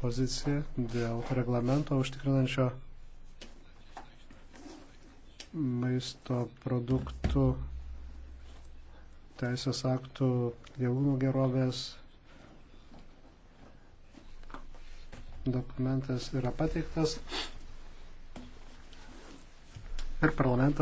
poziciją dėl reglamento užtikrinančio maisto produktų teisės aktų gyvūnų gerovės dokumentas yra pateiktas ir parlamentas